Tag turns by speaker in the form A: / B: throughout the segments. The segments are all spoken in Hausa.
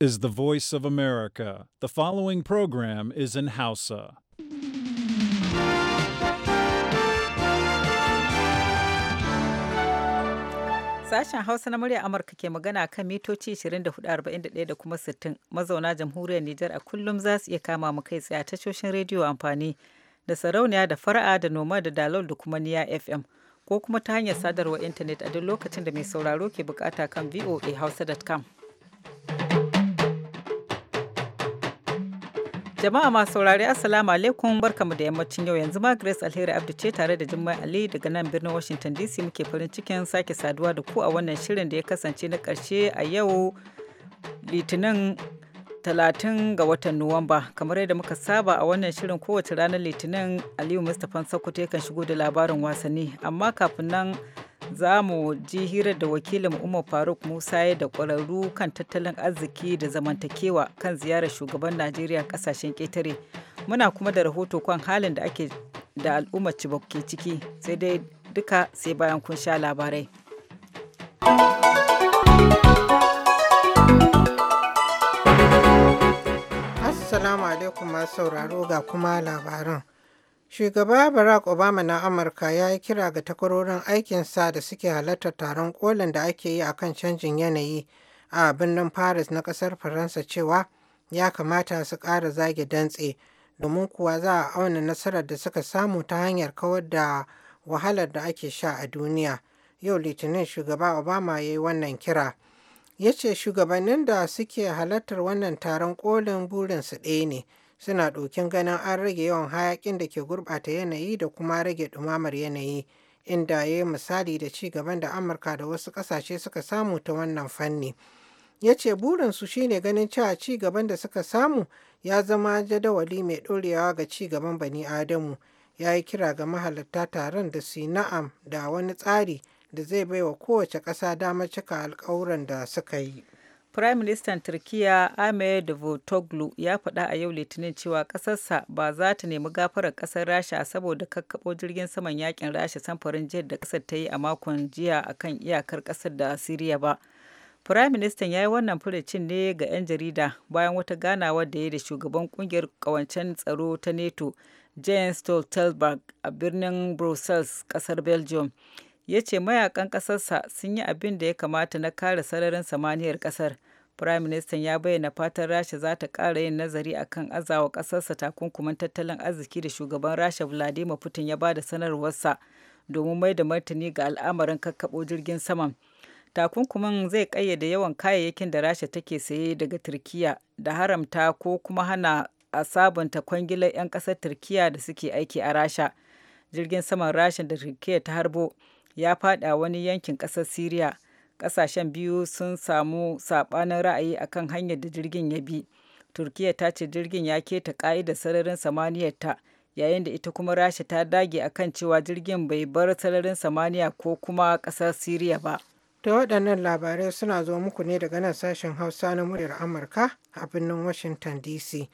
A: is the voice of America. The following program is in Hausa. Sashen Hausa na murya Amurka ke magana kan mitoci 24,41 da kuma 60 mazauna jamhuriyar Nijar a kullum za su iya kama mu kai tsaye tashoshin rediyo amfani da sarauniya da fara'a da noma da dalol da kuma niya FM ko kuma ta hanyar sadarwa intanet a duk lokacin da mai sauraro ke bukata kan voahausa.com. Jama'a masu saurari Assalamu alaikum barkamu da yammacin yau yanzu ma Grace Alheri Abdu ce tare da Jummai Ali daga nan birnin Washington DC muke farin cikin sake saduwa da ku a wannan shirin da ya kasance na karshe a yau Litinin 30 ga watan Nuwamba kamar yadda muka saba a wannan shirin kowace ranar Litinin Aliyu Mustapha Sokoto yakan shigo da labarin wasanni amma kafin nan za mu ji hirar da wakilin Umar Faruk Musa ya da ƙwararru kan tattalin arziki da zamantakewa kan ziyarar shugaban Najeriya ƙasashen ƙetare. Muna kuma da rahoto kan halin da ake da al'ummar Chibok ke ciki sai dai duka sai bayan kun sha labarai.
B: Assalamu alaikum masu sauraro ga kuma labaran. Shugaba Barack Obama na Amurka ya yi kira ga takwarorin aikinsa da suke halartar taron kolin da ake yi a kan canjin yanayi a birnin Paris na kasar Faransa cewa ya kamata su ƙara zage dantse domin kuwa za a auna nasarar da suka samu ta hanyar kawar da wahalar da ake sha a duniya. Yau Litinin shugaba Obama ya yi wannan kira. Ya ce shugabannin da suke halartar wannan taron kolin burinsu ɗaya ne. suna ɗokin ganin an rage yawan hayakin da ke gurɓata yanayi da kuma rage ɗumamar yanayi inda ya yi misali da ci gaban da amurka da wasu ƙasashe suka samu ta wannan fanni ya ce burinsu shine ganin cewa ci gaban da suka samu ya zama jadawali mai ɗorewa ga ci gaban bani adamu ya yi kira ga mahalarta taron da su na'am da wani tsari da zai baiwa kowace ƙasa damar cika alƙawuran da suka yi Prime Minister Turkiyya
A: Ahmed Davutoglu ya faɗa a yau Litinin cewa ƙasarsa ba za ta nemi gafarar ƙasar Rasha saboda kakkaɓo jirgin saman yakin Rasha samfarin jihar da ƙasar ta yi a makon jiya a kan iyakar ƙasar da Siriya ba. Prime Minister ya yi wannan furicin ne ga 'yan jarida bayan wata ganawa da ya da shugaban ƙungiyar ƙawancen tsaro ta NATO, Jens Stoltenberg a birnin Brussels, ƙasar Belgium. ya ce mayakan ƙasarsa sun yi abin da ya kamata na kare sararin samaniyar ƙasar prime minister ya bayyana fatan rasha za ta ƙara yin nazari akan azawa ƙasarsa takunkuman tattalin arziki da shugaban rasha vladimir putin ya ba da sanarwarsa domin mai da martani ga al'amarin kakkaɓo jirgin saman takunkumin zai ƙayyade yawan kayayyakin da rasha take saye daga turkiya da haramta ko kuma hana a sabunta kwangilar 'yan ƙasar turkiya da suke aiki a rasha jirgin saman rasha da turkiya ta harbo ya fada wani yankin ƙasar Siriya. Ƙasashen biyu sun samu saɓanin ra'ayi a kan hanyar da jirgin ya bi. Turkiyya ta ce jirgin ya keta ƙa'idar sararin ta yayin da ita kuma Rasha ta dage a kan cewa jirgin bai bar sararin samaniya ko kuma ƙasar
B: Siriya ba. Da waɗannan labarai suna zo muku ne daga nan sashen Hausa na muryar Amurka a birnin Washington DC.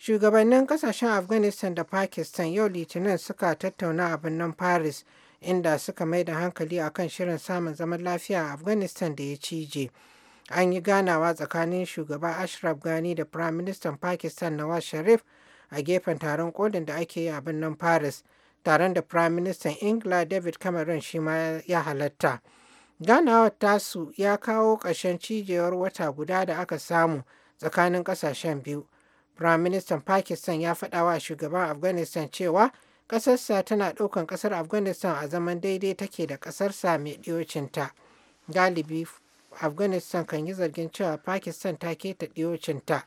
B: Shugabannin ƙasashen Afghanistan da Pakistan yau Litinin suka tattauna a birnin Paris inda suka mai da hankali akan shirin samun zaman lafiya a afghanistan da ya cije an yi ganawa tsakanin shugaba ashraf gani da prime minister pakistan nawaz sharif a gefen taron kolin da ake yi a birnin paris taron da prime minister ingila david cameron shi ma ya halatta ganawa tasu ya kawo ƙarshen cijewar wata guda da aka samu tsakanin ƙasashen biyu prime minister pakistan ya faɗa shugaban afghanistan cewa ƙasarsa tana ɗaukan ƙasar afghanistan a zaman daidai take da ƙasarsa mai ɗiyocinta galibi afghanistan kan yi zargin cewa pakistan ta keta ɗiyocinta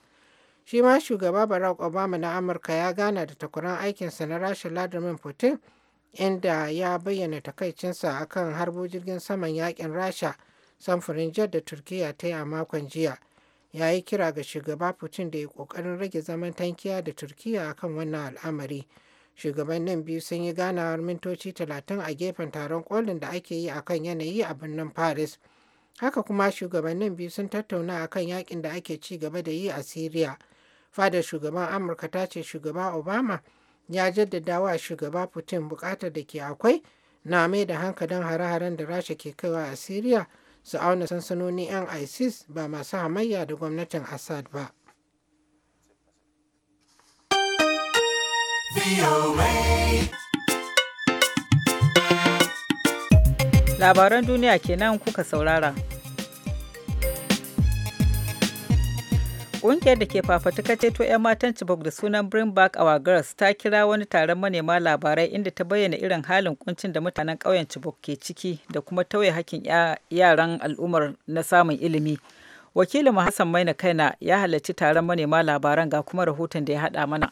B: shi ma shugaba barack obama na amurka ya gana da takwaran aikinsa na rasha ladarmin putin inda ya bayyana takaicinsa akan harbo jirgin saman yakin rasha samfurin jet da turkiya ta yi a makon jiya ya yi kira ga shugaba putin da ya ƙoƙarin rage zaman tankiya da turkiya akan wannan al'amari shugabannin biyu sun yi ganawar mintoci talatin a gefen taron kolin da ake yi akan yanayi a birnin paris haka kuma shugabannin biyu sun tattauna akan yakin da ake ci gaba da yi a syria fadar shugaban amurka ta ce shugaba obama ya jaddada wa shugaba putin bukatar da ke akwai na mai da hankalin hare-haren da rasha ke kaiwa a syria su auna sansanonin 'yan isis ba masu hamayya da gwamnatin assad ba
A: Labaran duniya kenan kuka saurara. Ƙungiyar da ke fafatuka ceto 'yan matan Chibok da sunan Bring Back Our Girls ta kira wani taron manema labarai inda ta bayyana irin halin kuncin da mutanen ƙauyen Chibok ke ciki da kuma tauye hakkin yaran al'ummar na samun ilimi. Wakilin Hassan Maina Kaina ya halarci taron manema labaran ga kuma rahoton da ya haɗa mana.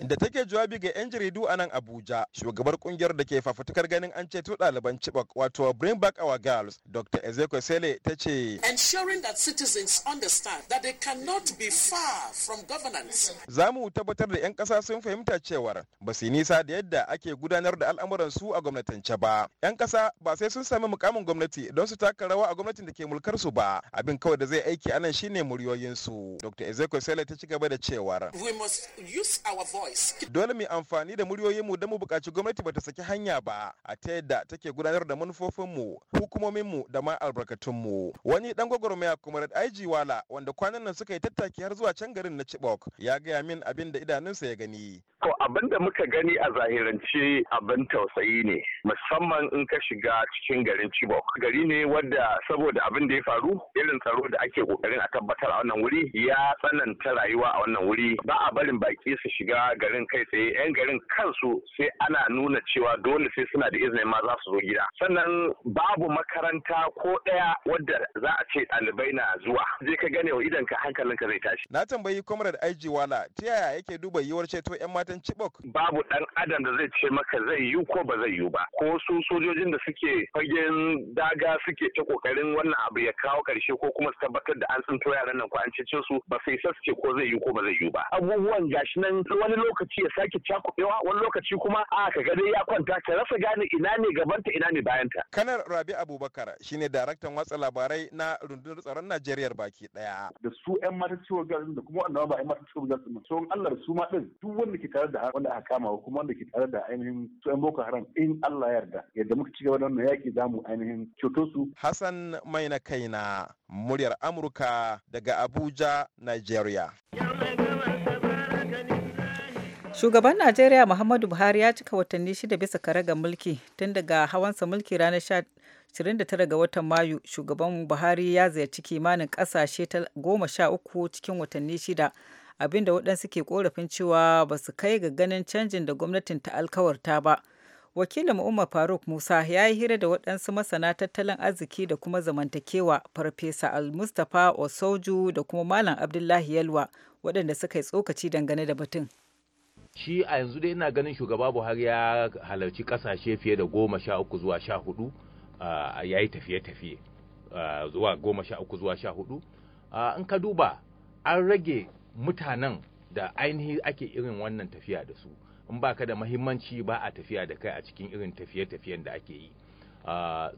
C: inda take jawabi ga 'yan jaridu a nan abuja shugabar kungiyar da ke fafutukar ganin an ceto ɗaliban chibok wato bring back our girls dr ezekiel sele ta ce ensuring that citizens understand that they cannot be far from governance za mu tabbatar da 'yan ƙasa sun fahimta cewar ba su nisa da yadda ake gudanar da al'amuran su a gwamnatance ba 'yan ƙasa ba sai sun sami mukamin gwamnati don su taka rawa a gwamnatin da ke mulkar su ba abin kawai da zai aiki anan shine muryoyin su dr ezekiel sele ta ci gaba da cewar
D: we must use our voice
C: Dole mu amfani da mu don mu buƙaci gwamnati bata saki hanya ba a ta yadda take gudanar da manufofinmu, hukumominmu da ma albarkatunmu. Wani dan gwagwarmaya kuma IG Wala wanda kwanan nan suka yi tattaki har zuwa can garin na Chibok ya gaya min abin da idanunsa ya gani. To abin da muka gani a zahirance abin tausayi ne musamman in ka shiga cikin garin Chibok. Gari ne wadda saboda abin da ya faru irin tsaro da ake kokarin a tabbatar a wannan wuri ya tsananta rayuwa a wannan wuri ba a barin baki su shiga garin kai tsaye yan garin kansu sai ana nuna cewa dole sai suna da izinin ma za su zo gida sannan babu makaranta ko daya wadda za a ce ɗalibai na zuwa zai ka gane wa idan ka ka zai tashi na tambayi comrade aiji wala ta yaya yake duba yiwuwar ceto yan matan chibok babu ɗan adam da zai ce maka zai yi ko ba zai yi ba ko su sojojin da suke fagen daga suke ta kokarin wannan abu ya kawo karshe ko kuma su tabbatar da an tsinto yaran nan ko an cece su ba sai sa su ko zai yi ko ba zai yi ba abubuwan gashi nan
E: wani lokaci lokaci ya sake cakuɗewa wani lokaci kuma a ka gani ya kwanta ka rasa gane ina ne gabanta ina ne bayanta.
C: kanar rabi abubakar shine daraktan watsa labarai na rundunar tsaron najeriya baki ɗaya. da su yan mata ciwo garin da kuma wanda ba yan mata ciwo garin nan sauran allah su ma ɗin duk wanda ke tare da wanda aka kama kuma wanda ke tare da ainihin su yan boko haram in allah yarda yadda muka ci gaba da wannan yaƙi, za mu ainihin ceto su. hassan mai na kaina muryar amurka daga abuja Najeriya.
A: Shugaban Najeriya Muhammadu Buhari ya cika watanni shida bisa ga mulki tun daga hawansa mulki ranar 29 ga watan Mayu. Shugaban Buhari ya ziyarci kimanin kasashe ta goma sha uku cikin watanni shida, abinda waɗansu ke korafin cewa ba su kai ga ganin canjin da gwamnatin ta alkawarta ba. Wakilin Umar Faruk Musa ya yi hira da waɗansu masana tattalin arziki da kuma zamantakewa Farfesa Al-Mustapha Osoju da kuma Malam Abdullahi Yalwa waɗanda suka yi tsokaci dangane da batun.
D: shi a yanzu dai ina ganin shugaba buhari ya halarci kasashe fiye da goma sha uku zuwa sha hudu ya yi tafiye-tafiye zuwa goma sha uku zuwa sha hudu in ka duba an rage mutanen da ainihi ake irin wannan tafiya da su in ba ka da mahimmanci ba a tafiya da kai a cikin irin tafiye-tafiyen da ake yi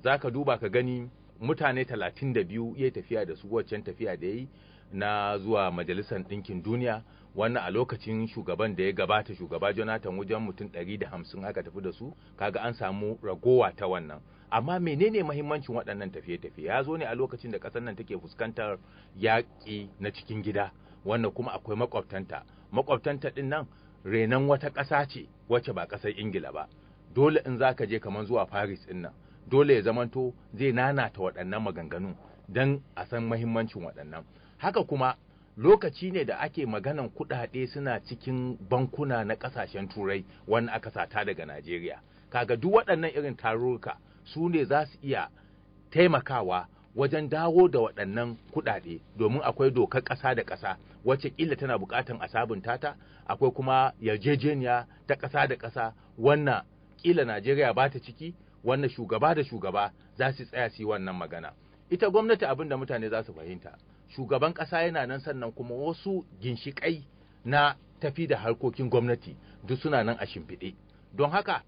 D: za ka duba ka gani mutane talatin da biyu ya tafiya da su waccan tafiya da ya yi na zuwa majalisar ɗinkin duniya wannan a lokacin shugaban da ya gabata shugaba jonathan wajen mutum da hamsin aka tafi da su kaga an samu ragowa ta wannan amma menene mahimmancin waɗannan tafiye-tafiye ya zo ne a lokacin da ƙasar nan take fuskantar yaƙi na cikin gida wannan kuma akwai makwabtanta makwabtanta ɗin nan renan wata ƙasa ce wacce ba ƙasar ingila ba dole in za ka je kamar zuwa paris ɗin nan dole ya zamanto zai nanata waɗannan maganganu don a san mahimmancin waɗannan haka kuma lokaci ne da ake maganan kuɗaɗe suna cikin bankuna na ƙasashen turai wani aka sata daga najeriya kaga duk waɗannan irin tarurruka su ne za su iya taimakawa wajen dawo da waɗannan kuɗaɗe domin akwai dokar ƙasa da ƙasa wacce ƙila tana buƙatan a sabunta ta akwai kuma yarjejeniya ta ƙasa da ƙasa wannan ƙila najeriya ba ta ciki wannan shugaba da shugaba za su tsaya su yi wannan magana ita gwamnati abin da mutane za su fahimta shugaban ƙasa yana nan sannan kuma wasu ginshiƙai na tafi da harkokin gwamnati duk suna nan a shimfiɗe don haka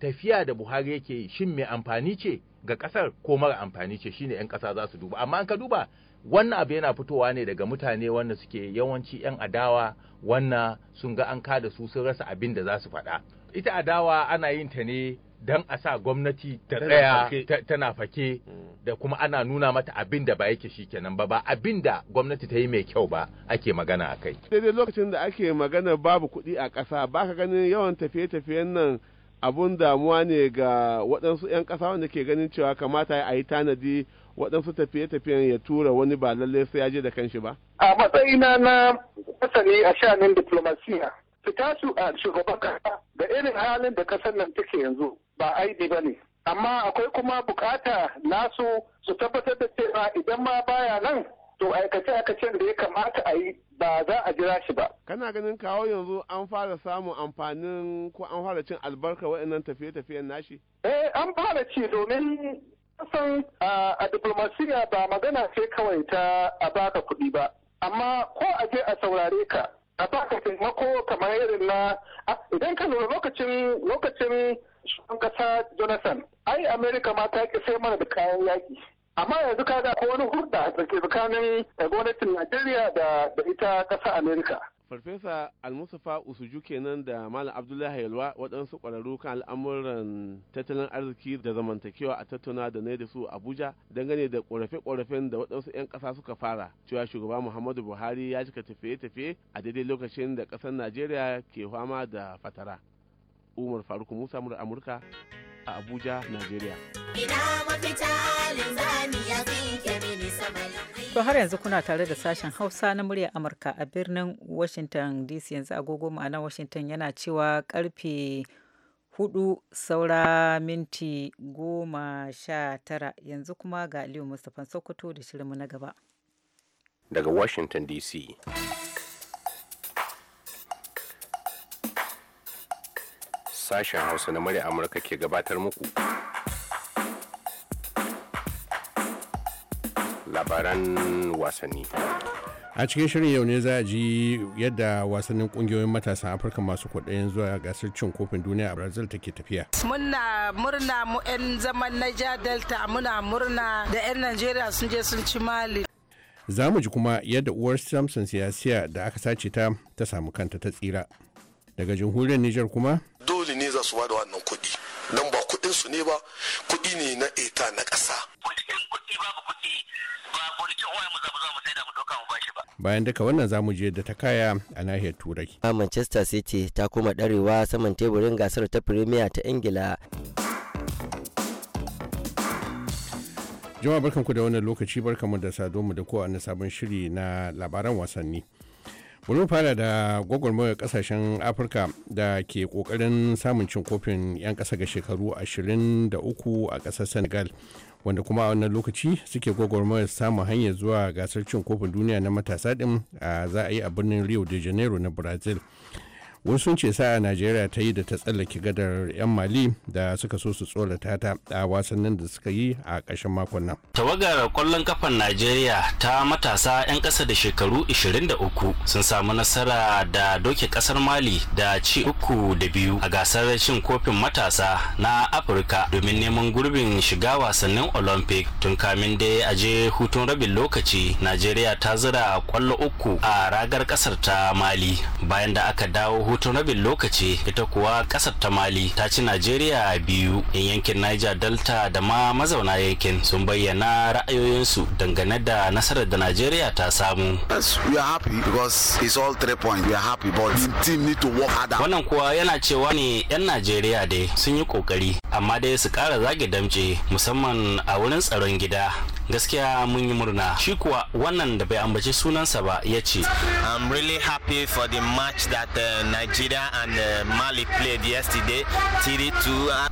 D: tafiya da buhari yake yi shin mai amfani ce ga ƙasar ko mara amfani ce shine 'yan ƙasa za su duba amma an ka duba wannan abu yana fitowa ne daga mutane wanda suke yawanci 'yan adawa wannan sun ga an kada su sun rasa abin da za su faɗa ita adawa ana yin ta ne dan a sa gwamnati ta tsaya tana fake mm. da kuma ana nuna mata abin da ba yake shi kenan ba ba abin da gwamnati ta yi mai kyau ba ake magana a kai.
F: daidai lokacin da ake magana babu kuɗi a ƙasa ba ka ganin yawan tafiye-tafiyen nan abun damuwa ne ga waɗansu 'yan ƙasa wanda ke ganin cewa kamata a yi tanadi waɗansu tafiye-tafiyen ya tura wani ba lallai sai ya je da kanshi ba. a matsayina na masani a diplomasiya fita shugaban ƙasa da irin halin da kasar nan take yanzu ba aibi ba ne
G: amma akwai kuma bukata nasu su tabbatar da cewa idan ma baya nan
C: to aikace aikacen da ya kamata a yi
F: ba za a jira shi ba. Kana ganin kawo yanzu an fara samun amfanin ko an fara cin albarka waɗannan tafiye-tafiyen nashi?
C: Eh an
G: fara ci domin kasan a diplomasiya ba magana ce kawai ta a baka kuɗi ba. Amma ko a je a saurare ka a baka taimako kamar
E: irin na idan ka lura lokacin lokacin shugaban kasa jonathan ai america ma ta ke sai mana da kayan yaki
F: amma yanzu ka ga wani hurda a tsakanin gwamnatin najeriya da ita kasa america farfesa almusufa usuju kenan da malam abdullahi yalwa waɗansu ƙwararru kan al'amuran tattalin arziki da zamantakewa a tattauna da na da su abuja dangane da ƙorafe-ƙorafen da waɗansu 'yan ƙasa suka fara cewa shugaba muhammadu buhari ya cika tafiye-tafiye a daidai lokacin da ƙasar najeriya ke fama da fatara umar faruk musa amurka a Abuja, Najeriya.
A: To har yanzu kuna tare da sashen Hausa na muryar Amurka a birnin Washington DC yanzu agogo ma'ana Washington yana cewa karfe hudu saura minti goma sha tara yanzu kuma ga Aliyu Mustapha Sokoto da shirinmu na gaba.
H: Daga Washington DC. sashen hausa na murya amurka ke gabatar muku labaran wasanni a cikin shirin yau ne za a ji yadda wasannin kungiyoyin matasan afirka masu kwaɗayin zuwa gasar cin kofin duniya a brazil take tafiya
A: muna murna mu 'yan zaman naija delta muna murna da 'yan nigeria sun je sun ci mali
H: za mu ji kuma yadda uwar samson siyasiya da aka sace ta ta samu kanta ta tsira daga jamhuriyar niger kuma
C: za su ba da wannan kuɗi Nan ba kuɗin su ne ba kuɗi ne na eta na ƙasa.
H: bayan duka wannan zamu je da ta kaya a nahiyar turai. a manchester
I: city ta kuma ɗarewa saman teburin gasar ta premier ta ingila
H: jama'a barkanku da wannan lokaci barkanmu da sadonmu da kowa na sabon shiri na labaran wasanni. bari fara da gwagwarmayar kasashen afirka da ke kokarin samun cin kofin 'yan kasa ga shekaru 23 a kasar senegal wanda kuma a wannan lokaci suke gwagwarmayar samun hanyar zuwa gasar cin kofin duniya na matasa din a za a yi a birnin rio de janeiro na brazil wasu sun ce sa'a najeriya ta yi da ta tsallake gadar 'yan mali da suka so su tsorata ta a wasannin da suka yi a ƙarshen makon nan
G: tawagar kwallon kafan najeriya ta matasa 'yan ƙasa da shekaru 23 sun samu nasara da doke ƙasar mali da ci uku da biyu a gasar cin kofin matasa na afirka domin neman gurbin shiga wasannin olympic tun kamin dai a je hutun rabin lokaci najeriya ta zira kwallo uku a ragar ƙasar ta mali bayan da aka dawo na bin lokaci ita kuwa kasar ta mali ta ci najeriya biyu in yankin niger delta da ma mazauna yankin sun bayyana ra'ayoyinsu dangane da nasarar da najeriya ta samu wannan kuwa yana cewa ne 'yan najeriya dai sun yi ƙoƙari amma dai su kara zage damce musamman a wurin tsaron gida gaskiya mun yi murna shi kuwa wannan da bai ambaci sunansa ba ya ce i'm really happy for the match that uh, nigeria and uh, mali played yesterday 3-2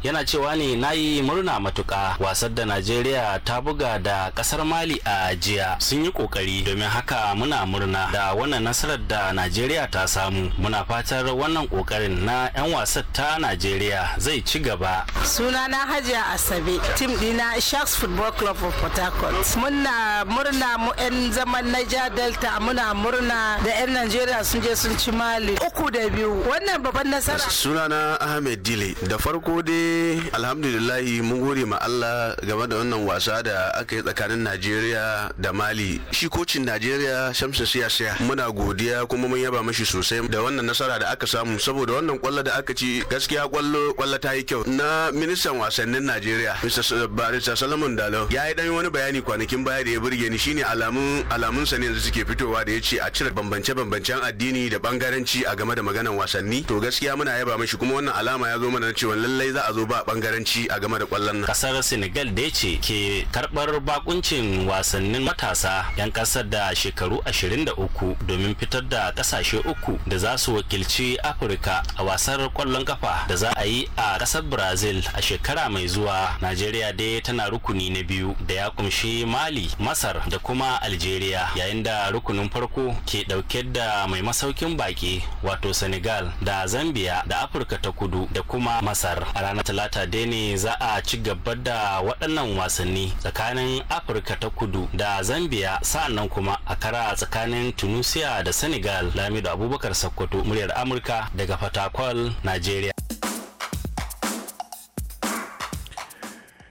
G: yana cewa ne na yi murna matuka wasar da nigeria ta buga da kasar mali a jiya sun yi kokari domin haka muna murna da wannan nasarar da nigeria ta samu muna fatar wannan kokarin na 'yan wasan ta nigeria zai ci gaba
A: sunana hajiya asabe tim dina sharks football club of port Muna murna mu 'yan zaman Niger Delta muna murna da 'yan Najeriya sun je sun ci Mali uku da biyu. Wannan babban nasara.
D: Sunana Ahmed Dile. Da farko dai alhamdulillahi mun gode ma Allah game da wannan wasa da aka yi tsakanin Najeriya da Mali. Shi kocin Najeriya Shamsu siya-siya. muna godiya kuma mun yaba mashi sosai da wannan nasara da aka samu saboda wannan kwallo da aka ci gaskiya kwallo kwallo ta yi kyau na ministan wasannin Najeriya Mr. Barista Solomon Dalo ya yi dan wani bayani bayani kwanakin baya da ya burge ni shine alamun alamun sa ne yanzu suke fitowa da yace a cire bambance bambancen addini da bangaranci a game da maganan wasanni to gaskiya muna yaba mishi kuma wannan alama ya zo mana cewa lallai za a zo ba bangaranci a game da kwallon nan
G: kasar Senegal da yace ke karbar bakuncin wasannin matasa yan kasar da shekaru 23 domin fitar da kasashe uku da za su wakilci Afirka a wasar kwallon kafa da za a yi a kasar Brazil a shekara mai zuwa Najeriya dai tana rukuni na biyu da ya kumshi kunshi mali masar da kuma algeria yayin da rukunin farko ke ɗauke da mai masaukin baƙi wato senegal da zambia da afirka ta kudu da kuma masar a ranar talata dai ne za a ci gaba da waɗannan wasanni tsakanin afirka ta kudu da zambia sa'annan kuma a kara tsakanin tunisia da senegal lamido abubakar sakkwato muryar amurka daga fatakwal nigeria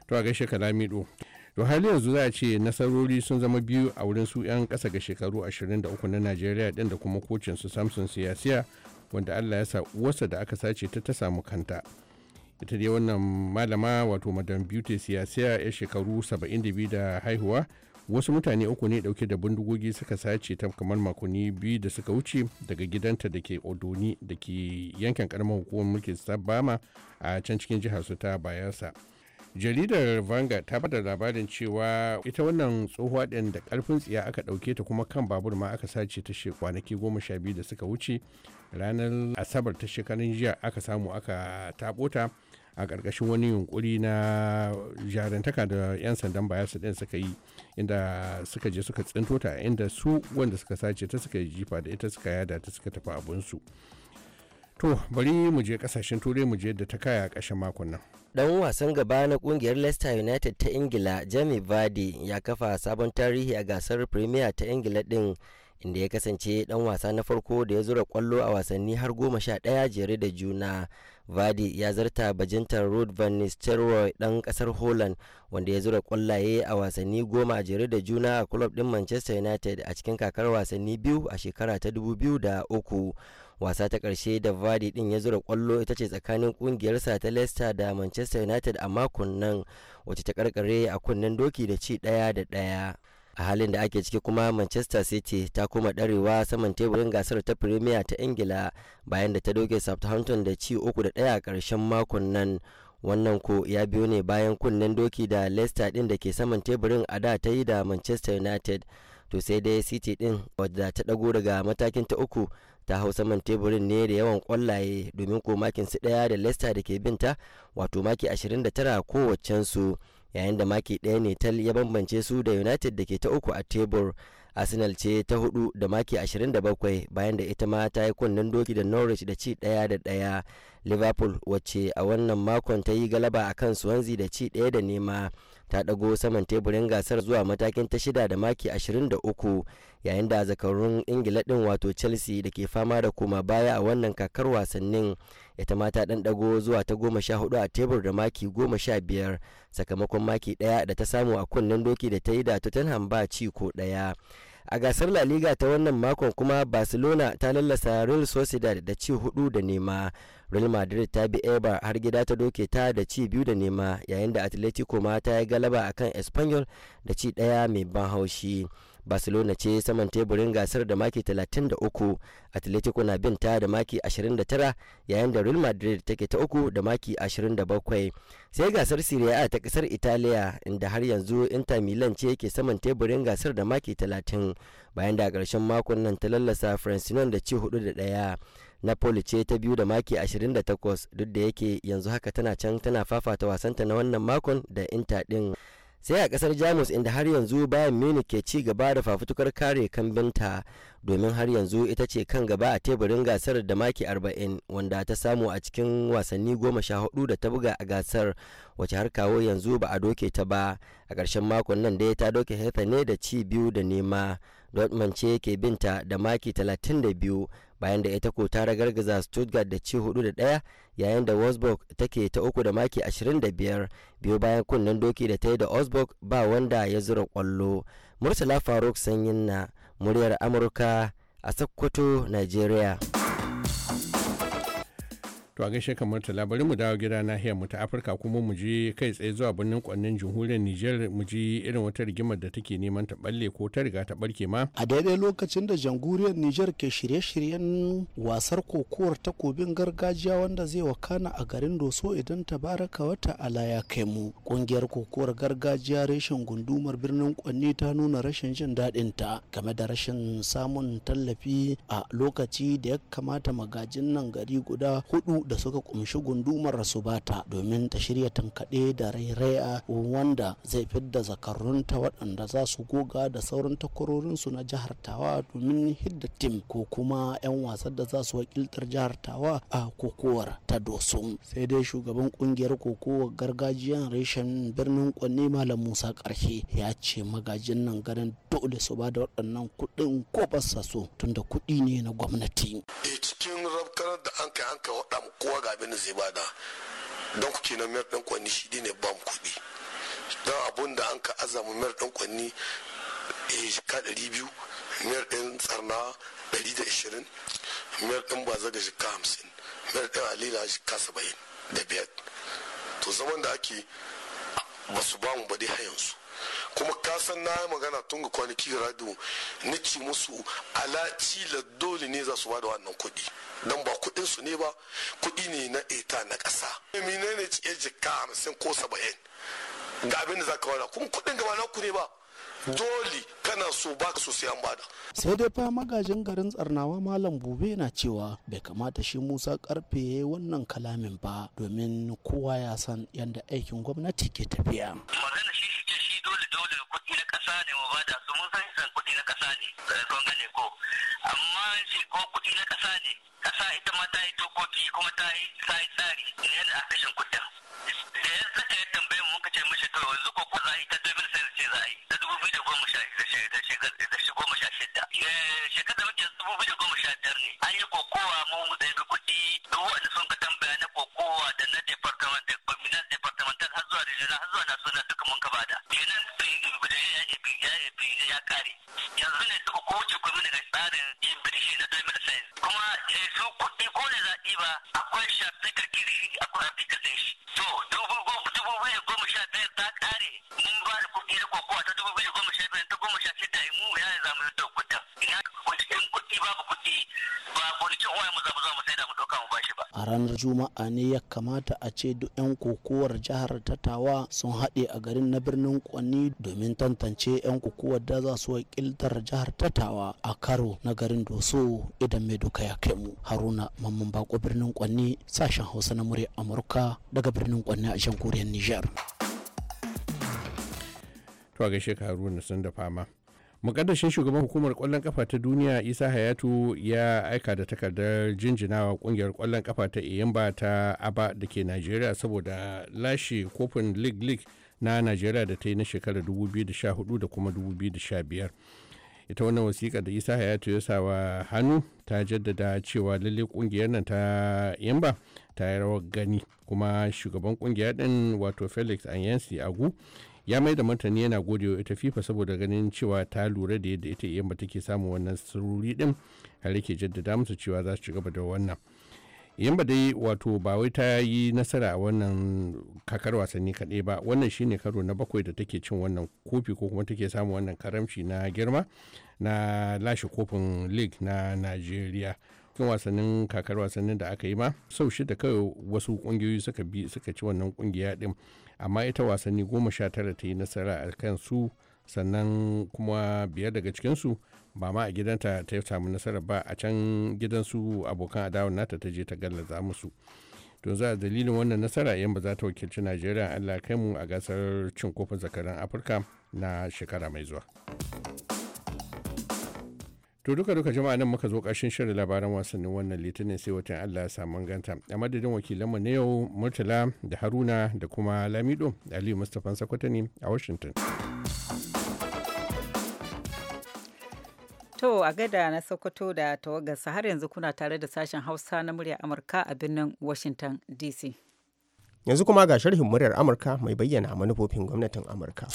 H: to gaishe ka lamido to har yanzu za a ce nasarori sun zama biyu a wurin su 'yan kasa ga shekaru 23 na najeriya ɗin da kuma kocin su samson siyasiya wanda allah ya sa uwarsa da aka sace ta ta samu kanta ita dai wannan malama wato madam beauty siyasiya ya shekaru 72 da haihuwa wasu mutane uku ne dauke da bindigogi suka sace ta kamar makonni biyu da suka wuce daga gidanta da ke odoni da ke yankin karamar hukumar mulkin sabama a can cikin jihar su ta bayelsa jaridar vanga ta bada labarin cewa ita wannan tsohuwa ɗin da ƙarfin tsiya aka ɗauke ta kuma kan babur ma aka sace ta she kwanaki goma sha biyu da suka wuce ranar asabar ta shekarun jiya aka samu aka taɓo ta a ƙarƙashin wani yunkuri na jarantaka da 'yan sandan bayarsa ɗin suka yi inda suka je suka tsinto ta inda su wanda suka sace ta suka jifa da ita suka yada ta suka tafi abinsu. to bari mu je kasashen turai mu je da ta kaya a ƙarshen makon nan dan wasan gaba na kungiyar
I: leicester united ta ingila jamie vardy ya kafa sabon tarihi a gasar premier ta ingila din inda ya kasance dan wasa na farko da ya zura kwallo a wasanni har goma sha ɗaya jere da juna Vardy ya zarta bajintar rod van nistelrooy dan kasar holland wanda ya zura kwallaye a wasanni goma jere da juna a club din manchester united a cikin kakar wasanni biyu a shekara ta 2003 wasa ta karshe da vardy din ya zura kwallo ita ce tsakanin kungiyarsa ta leicester da manchester united a makon nan wacce ta karkare a kunnen doki da ci daya da ɗaya a halin da ake ciki kuma manchester city ta koma ɗarewa saman teburin gasar ta premier ta ingila bayan da ta doke southampton da ci uku da ɗaya a ƙarshen makon nan wannan ko ya biyo ne bayan kunnen doki da leicester din da ke saman teburin a da ta yi da manchester united to sai dai city din wadda ta dago daga matakin ta uku ta hau saman teburin ne da yawan kwallaye domin ko makin su daya da leicester da ke binta wato maki 29 kowacensu yayin da maki daya ne tal ya bambance su da united da ke ta uku a tebur arsenal ce ta hudu da maki 27 bayan da ita ma ta yi kunnen doki da norwich da ci daya da daya liverpool wacce a wannan makon ta yi galaba akan swansea da ci daya da nema ta ɗago saman teburin gasar zuwa matakin ta shida da maki 23 yayin da zakarun ingila ɗin wato chelsea da ke fama da koma baya a wannan kakar wasannin ita ma ta ɗan ɗago zuwa ta goma sha hudu a tebur da maki goma sha biyar sakamakon maki ɗaya da ta samu a kunnen doki da ta yi da tottenham ba ci ko ɗaya a gasar la liga ta wannan makon kuma barcelona ta lallasa real sociedad da ci hudu da nema real madrid ta bi ebar har gida ta doke ta da ci biyu da nema yayin da atletico ma ta yi galaba akan espanyol da ci daya mai ban haushi barcelona ce saman teburin gasar da maki 33 atletico na bin ta da maki 29 yayin da real madrid take ta uku da maki 27 sai gasar serie a ta kasar italiya inda har yanzu inter milan ce ke saman teburin gasar da maki 30 bayan da karshen makon nan ta lallasa francinon da ci 4 da 1 napoli ce ta biyu da maki 28 duk da yake yanzu haka tana can tana fafata wasanta na wannan makon da inter din sai a kasar jamus inda har yanzu bayan munich ke ci gaba da fafutukar kare kambinta domin har yanzu ita ce kan gaba a teburin gasar da maki 40 wanda ta samu a cikin wasanni goma sha hudu da ta buga a gasar wace har kawo yanzu ba a doke ta ba a ƙarshen makon nan dai ta doke haifa ne da ci biyu da nema Dortmund ce ke binta da maki 32 bayan da ita ko ta ragargaza Stuttgart da ci 4 da 1 yayin da Wolfsburg take ta uku da maki 25 biyu bayan kunnen doki da ta yi da Wolfsburg ba wanda ya zura kwallo. Murtala Faruk Sanyin na
H: muryar Amurka a Sokoto, Nigeria. to a gaishe kamar tala bari mu dawo gida nahiyar mu ta afirka kuma mu je kai tsaye zuwa birnin kwannin jamhuriyar niger mu je irin wata rigimar da take neman ta balle ko ta riga ta barke ma a
E: daidai lokacin da jamhuriyar niger ke shirye-shiryen wasar kokowar takobin gargajiya wanda zai wakana a garin doso idan ta baraka wata alaya ya kai mu kungiyar kokowar gargajiya reshen gundumar birnin kwanni ta nuna rashin jin daɗin ta game da rashin samun tallafi a lokaci da ya kamata magajin nan gari guda hudu da suka kumshi gundumar bata domin ta shirya tankaɗe da rairaya wanda zai da zakarun ta waɗanda za su goga da sauran su na jihar Tawa domin hidda tim ko kuma 'yan wasan da za su wakiltar jihar Tawa a kokowar ta Dosun. Sai dai shugaban kungiyar kokowar gargajiyan reshen birnin Kwanne Malam Musa Karhe ya ce magajin nan garin dole su ba da waɗannan kuɗin ko ba so tunda kuɗi ne na gwamnati.
C: karar da an kai an kai waɗa kowa ga abin da zai bada don ku kenan mayar ɗan kwanni shi ne ba mu kuɗi don abun da an ka azama mayar ɗan kwanni eh, ka ɗari biyu mayar ɗin tsarna ɗari da ishirin mayar ɗin baza da shika hamsin mayar ɗin alila shika saba'in da biyar to zaman da ake ba su ba mu ba dai har yanzu kuma kasan na yi magana tun ga kwanaki radio na ce musu alaci la dole ne za su ba da wannan kuɗi don ba kuɗin su ne ba kuɗi ne na eta na ƙasa mene ne ce ka hamsin ko saba'in ga abin da za ka wada kuma kuɗin gaba na ku ne ba dole kana so ka so sai an bada
E: sai dai fa magajin garin tsarnawa malam bube na cewa bai kamata shi musa karfe ya yi wannan kalamin ba domin kowa ya san yadda aikin gwamnati ke tafiya magana Kuma ta yi dokoki
I: kuma ta yi tsari da yadda a kashin kudin
E: ranar juma'a ne ya kamata a ce duk 'yan kokowar jihar tatawa sun haɗe a garin na birnin kwanni domin tantance 'yan kokowar da za su wakiltar jihar tatawa a karo na garin doso idan mai duka ya kai mu haruna mamman bako birnin
H: kwani sashen hausa na
E: murya amurka daga birnin kwanni a jan koriyar
H: niger to a da fama mukaddashin shugaban hukumar kwallon kafa ta duniya isa hayatu ya aika da takardar jinjinawa kungiyar kwallon kafa ta iyamba ta aba da ke nigeria saboda lashe kofin league league na nigeria da ta yi na shekarar 2014 da kuma 2015 ita wannan wasiƙa da isa hayatu ya sa wa hannu ta jaddada cewa lalle kungiyar nan ta yamba ta yi rawar gani kuma shugaban kungiya din wato felix anyansi agu ya mai da martani yana gode ita fifa saboda ganin cewa ta lura da yadda ita yamma take samun wannan sururi din har yake jaddada musu cewa za su ci gaba da wannan yamba dai wato ba wai ta yi nasara a wannan kakar wasanni kaɗai ba wannan shine karo na bakwai da take cin wannan kofi ko kuma take samun wannan karamci na girma na lashe kofin league na nigeria. cikin wasannin kakar wasannin da aka yi ma sau shida kawai wasu kungiyoyi suka bi suka ci wannan kungiya din amma ita wasanni goma sha tara ta yi nasara a kan su sannan kuma biyar daga cikinsu ba ma a gidanta ta samu nasara ba a can gidansu abokan adawar nata ta je ta gallaza musu to za a dalilin wannan nasara yan ba za ta wakilci najeriya allah kai mu a gasar cin kofin zakaran afirka na shekara mai zuwa. to duka duka jama'a nan muka zo ƙarshen shirin labaran wasannin wannan litinin sai watan allah ya samu ganta a madadin wakilanmu na yau murtala da haruna da kuma lamido aliyu mustapha sakwatani a washington
A: To a gada na Sokoto da tawagarsa har yanzu kuna tare da sashen Hausa na murya Amurka a birnin Washington DC.
J: Yanzu kuma ga sharhin muryar Amurka mai bayyana manufofin gwamnatin Amurka.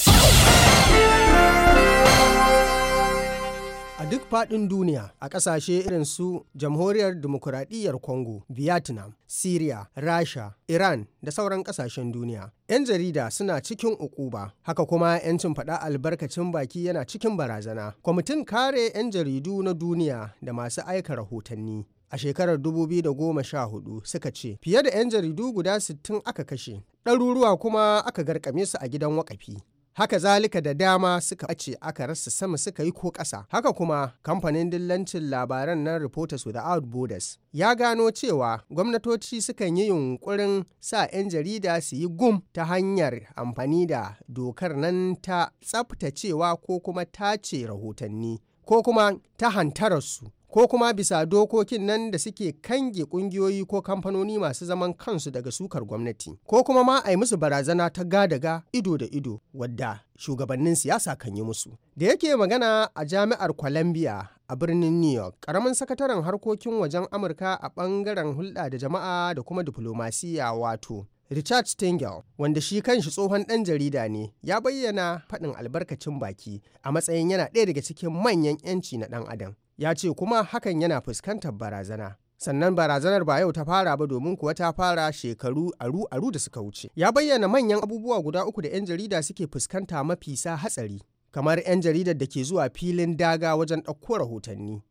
J: a duk faɗin duniya a ƙasashe irin su jamhuriyar dimokuraɗiyyar congo vietnam syria rasha iran da sauran ƙasashen duniya 'yan jarida suna cikin ukuba haka kuma 'yancin faɗa albarkacin baki yana cikin barazana kwamitin kare 'yan jaridu na duniya da masu aika rahotanni a shekarar 2014 suka ce fiye da 'yan jaridu guda 60 aka kashe ɗaruruwa kuma aka garkame su a gidan wakafi haka zalika da dama suka ɓace aka rasa sama suka yi ko ƙasa haka kuma kamfanin dillancin labaran nan reporters without borders ya gano cewa gwamnatoci sukan yi yunkurin sa 'yan jarida su yi gum ta hanyar amfani da dokar nan ta tsaftacewa ko kuma tace rahotanni ko kuma ta hantararsu ko kuma bisa dokokin nan da suke kange kungiyoyi ko kamfanoni masu zaman kansu daga sukar gwamnati ko kuma ma a yi musu barazana ta gadaga ido da ido wadda shugabannin siyasa kan yi musu da yake magana a jami'ar columbia a birnin new york karamin sakataren harkokin wajen amurka a bangaren hulɗa da jama'a da kuma diflomasiya wato Richard stengel wanda shi kanshi tsohon ɗan jarida ne, ya bayyana faɗin albarkacin baki a matsayin yana ɗaya daga cikin manyan 'yanci na ɗan adam. ya ce kuma hakan yana fuskantar barazana. sannan barazanar ba yau ta fara ba domin kuwa ta fara shekaru aru-aru da suka wuce ya bayyana manyan abubuwa guda uku da 'yan jarida suke fuskanta mafisa hatsari kamar 'yan jaridar da ke zuwa filin daga wajen ɗauko rahotanni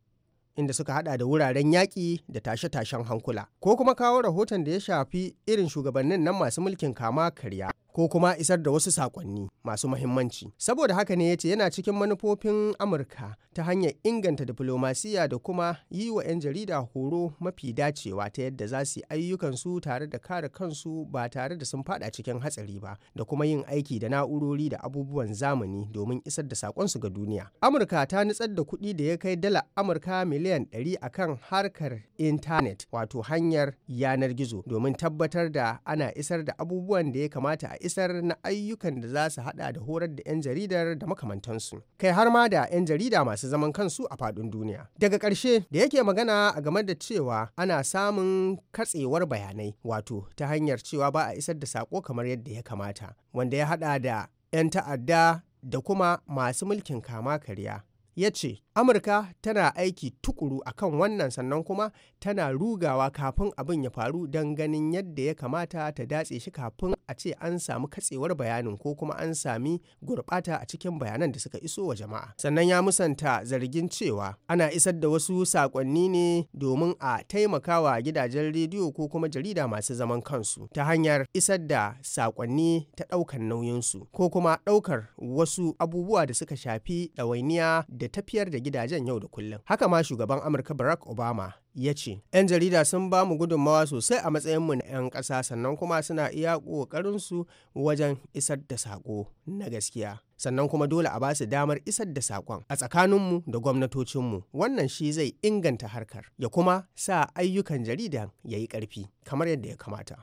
J: inda suka hada da wuraren yaƙi da tashe-tashen hankula ko kuma kawo rahoton da ya shafi irin shugabannin nan masu mulkin kama karya ko kuma isar da wasu sakonni masu mahimmanci. Saboda haka ne ya ce yana cikin manufofin Amurka ta hanyar inganta diflomasiya da kuma yi wa 'yan jarida horo mafi dacewa ta yadda za su yi ayyukansu tare da kare kansu ba tare da sun fada cikin hatsari ba da kuma yin aiki da na'urori da abubuwan zamani domin isar da sakonsu ga duniya. Amurka ta nutsar da kuɗi da ya kai dala Amurka miliyan 100 akan harkar intanet wato hanyar yanar gizo domin tabbatar da ana isar da abubuwan da ya kamata a isar na ayyukan da za su hada da horar da 'yan jaridar da makamantansu kai har ma da 'yan jarida masu zaman kansu a faɗin duniya daga ƙarshe da yake magana a game da cewa ana samun katsewar bayanai wato ta hanyar cewa ba a isar da sako kamar yadda ya kamata wanda ya hada da 'yan ta'adda da kuma masu mulkin kama karya ya ce amurka tana aiki tukuru akan wannan sannan kuma tana rugawa kafin abin ya faru don ganin yadda ya kamata ta datse shi kafin a ce an samu katsewar bayanin ko kuma an sami gurbata a cikin bayanan da suka iso wa jama'a sannan ya musanta zargin cewa ana isar da wasu sakonni ne domin a taimakawa gidajen rediyo ko kuma jarida masu zaman kansu ta hanyar isar da sakonni ta ɗaukar nauyinsu ko kuma ɗaukar wasu abubuwa da suka shafi ɗawainiya da tafiyar da gidajen yau da kullum. Haka ma shugaban Amurka Barack Obama ya ce, ‘Yan jarida sun ba mu gudunmawa sosai a matsayinmu na ‘yan ƙasa sannan kuma suna iya ƙoƙarinsu wajen isar da saƙo na gaskiya. Sannan kuma dole a ba su damar isar da saƙon a tsakaninmu da gwamnatocinmu. Wannan shi zai inganta harkar ya kuma sa ayyukan jaridan ya yi ƙarfi kamar yadda ya kamata.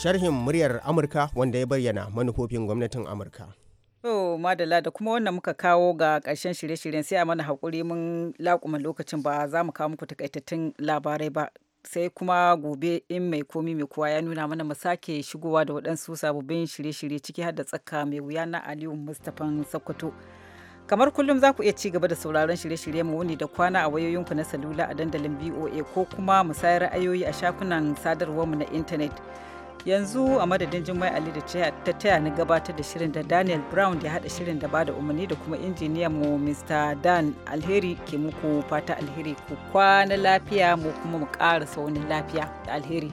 J: sharhin muryar amurka wanda ya bayyana manufofin gwamnatin amurka
A: madala da kuma wannan muka kawo ga ƙarshen shirye-shiryen sai a mana haƙuri mun laƙuma lokacin ba za mu kawo muku takaitattun labarai ba sai kuma gobe in mai komi mai kowa ya nuna mana mu sake shigowa da waɗansu sababbin shirye-shirye ciki har da tsaka mai wuya na Aliyu Mustapha Sokoto. kamar kullum za ku iya ci gaba da sauraron shirye-shirye mu wuni da kwana a wayoyinku na salula a dandalin voa ko kuma musayar ra'ayoyi a sadarwar mu na intanet. yanzu a madadin jimai ali da ta taya ni gabatar da shirin da daniel brown ya hada shirin da bada umarni da kuma injiniyan mu mr dan alheri ke muku fata alheri ku kwana lafiya mu kuma mu kara saunin lafiya da alheri